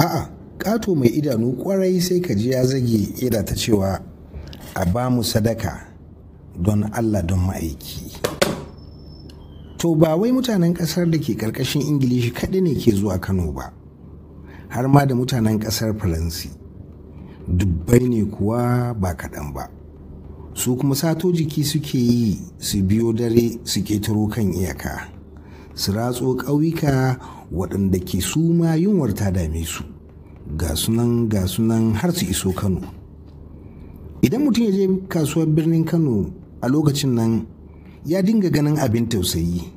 a'a ƙato mai idanu ƙwarai sai ka ji ya zage ida ta cewa a ba mu sadaka don allah don ma'aiki to ba wai mutanen ƙasar da ke ƙarƙashin ingilishi kaɗai ne ke zuwa kano ba har ma da mutanen ƙasar faransi dubbai ne kuwa ba kaɗan ba su kuma sato jiki suke yi su biyo dare su ƙetaro kan iyaka su ratso ƙauyuka waɗanda ke su ma yunwar ta dame su ga sunan ga sunan har su iso kano idan mutum ya je kasuwar birnin kano a lokacin nan ya dinga ganin abin tausayi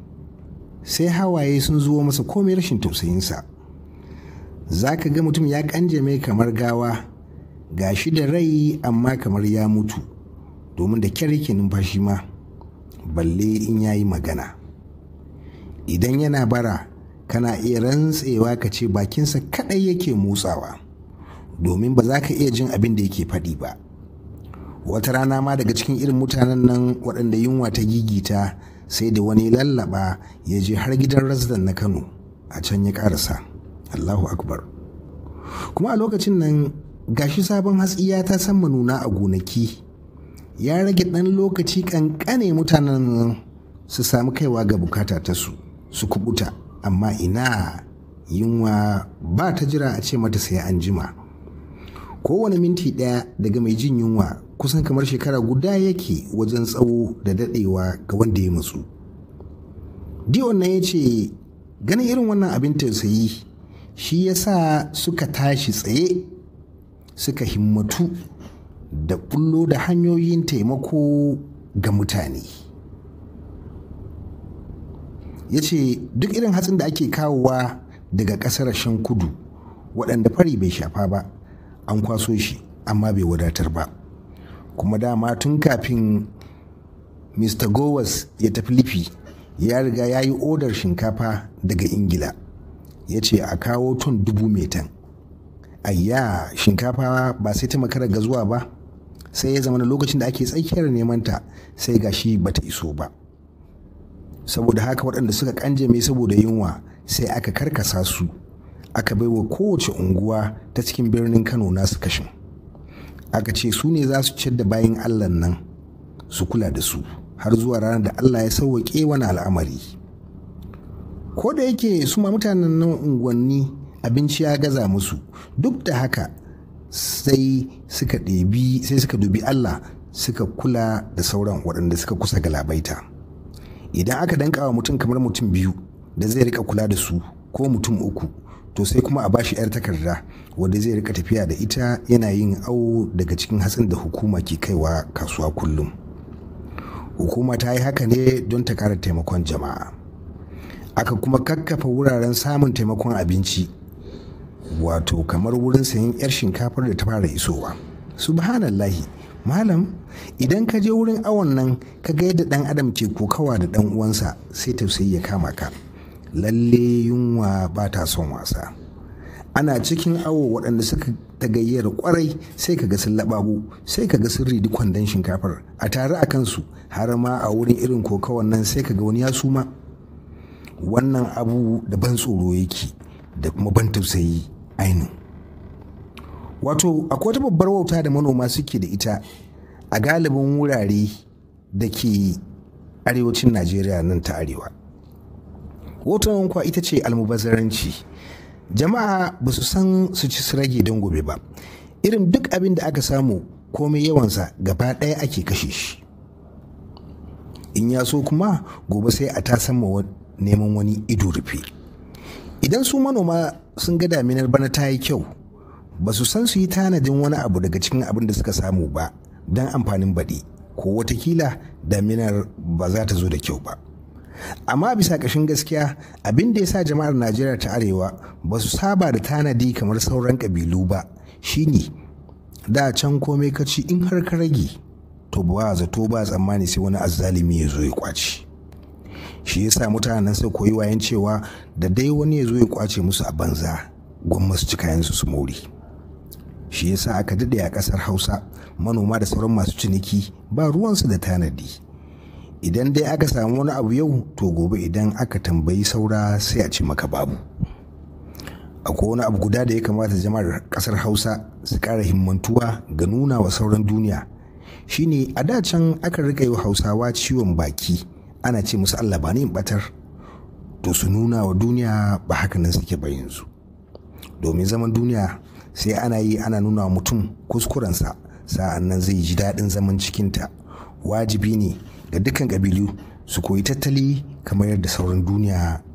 sai hawaye sun zuwa masa komai rashin tausayinsa za ka ga mutum ya kanjame kamar gawa ga shi da rai amma kamar ya mutu domin da kyar yake numfashi ma balle in ya yi magana idan yana bara kana iya rantsewa ka ce bakinsa kaɗai yake motsawa domin ba za ka iya jin abin da yake faɗi ba wata rana ma daga cikin irin mutanen nan waɗanda yunwa ta gigita sai da wani lallaba ya je har gidan razdan na kano a can ya ƙarasa allahu akbar kuma a lokacin nan gashi sabon hatsi ya ta san manuna a gonaki ya rage ɗan lokaci ƙanƙane mutanen su sami kaiwa ga bukata ta su su kubuta amma ina yunwa ba ta jira a ce mata sai an jima kowane minti ɗaya daga mai jin yunwa kusan kamar shekara guda yake wajen tsawo da daɗewa ga wanda ya matsu diwon na ya ce ganin irin wannan abin tausayi shi ya sa suka tashi tsaye suka himmatu da ƙullo da hanyoyin taimako ga mutane ya ce duk irin hatsin da ake kawowa daga ƙasar shan kudu waɗanda fari bai shafa ba an kwaso shi amma bai wadatar ba kuma dama tun kafin mr gowas ya tafi lifi ya riga ya yi odar shinkafa daga ingila ya ce a kawo tun dubu metan ayya shinkafa ba sai ta makara ga zuwa ba sai ya zama lokacin da ake tsakiyar neman ta sai gashi bata iso ba saboda haka waɗanda suka kanjame saboda yunwa sai aka karkasa su aka baiwa kowace unguwa ta cikin birnin kano nasu kashin aka ce su ne za su ciyar da bayan allah nan su kula da su har zuwa ranar da allah ya sauwaƙe wani al'amari ko da yake su ma mutanen nan unguwanni abinci ya gaza musu duk da haka sai suka sai suka dubi allah suka kula da sauran waɗanda suka kusa galabaita. idan aka danka wa mutum kamar mutum biyu da zai rika kula da su ko mutum uku to sai kuma a bashi yar takarda wadda zai rika tafiya da ita yana yin awo daga cikin hatsin da hukuma ke kaiwa kasuwa kullum hukuma ta yi haka ne don ta kara taimakon jama'a aka kuma kakkafa wuraren samun taimakon abinci wato kamar wurin sayan 'yar shinkafar da ta fara isowa subhanallahi malam idan ka je wurin awon nan ka ga yadda ɗan adam ke kokawa da ɗan uwansa sai tausayi ya kama ka lalle yunwa ba ta son wasa ana cikin awo waɗanda suka tagayyar kwarai sai ka ga sun laɓaɓo sai ka ga sun ridi kwandon shinkafar a tare a kansu har ma a wurin irin kokawan nan sai ka ga wani ya suma wannan abu da ban tsoro yake da kuma ban tausayi ainu wato akwai wata babbar wauta da manoma suke da ita a galibin wurare da ke arewacin najeriya nan ta arewa wautan kwa ita ce almubazzaranci jama'a ba su san su ci su rage don gobe ba irin duk abin da aka samu komai yawansa gaba ɗaya ake kashe shi in ya so kuma gobe sai a ta sama neman wani ido rufe idan su manoma sun ga daminar bana ta yi kyau ba su san su yi tanadin wani abu daga cikin abin da suka samu ba don amfanin baɗi ko watakila daminar ba za ta zo da kyau ba amma bisa kashin gaskiya abin da ya sa jama'ar najeriya ta arewa ba su saba da tanadi kamar sauran kabilu ba shine da can komai ka ci in har ka rage to ba zato ba tsammani sai wani azzalimi ya zo ya kwace shi ya sa mutanen sai koyi wayan cewa da dai wani ya zo ya kwace musu a banza gwamnati su ci kayansu su mori shi yasa aka daɗe a ƙasar hausa manoma da sauran masu ciniki ba ruwansu da tanadi idan dai aka samu wani abu yau to gobe idan aka tambayi saura sai a ce maka babu akwai wani abu guda da ya kamata jama'ar ƙasar hausa su ƙara himmantuwa ga nuna wa sauran duniya shine a da can aka rika yi hausawa ciwon baki ana ce musu allah ba yin batar to su nuna wa duniya ba haka nan suke ba yanzu domin zaman duniya sai ana yi ana nuna mutum kuskurensa sa'an nan zai ji daɗin zaman cikinta wajibi ne ga dukkan ƙabilu su koyi tattali kamar yadda sauran duniya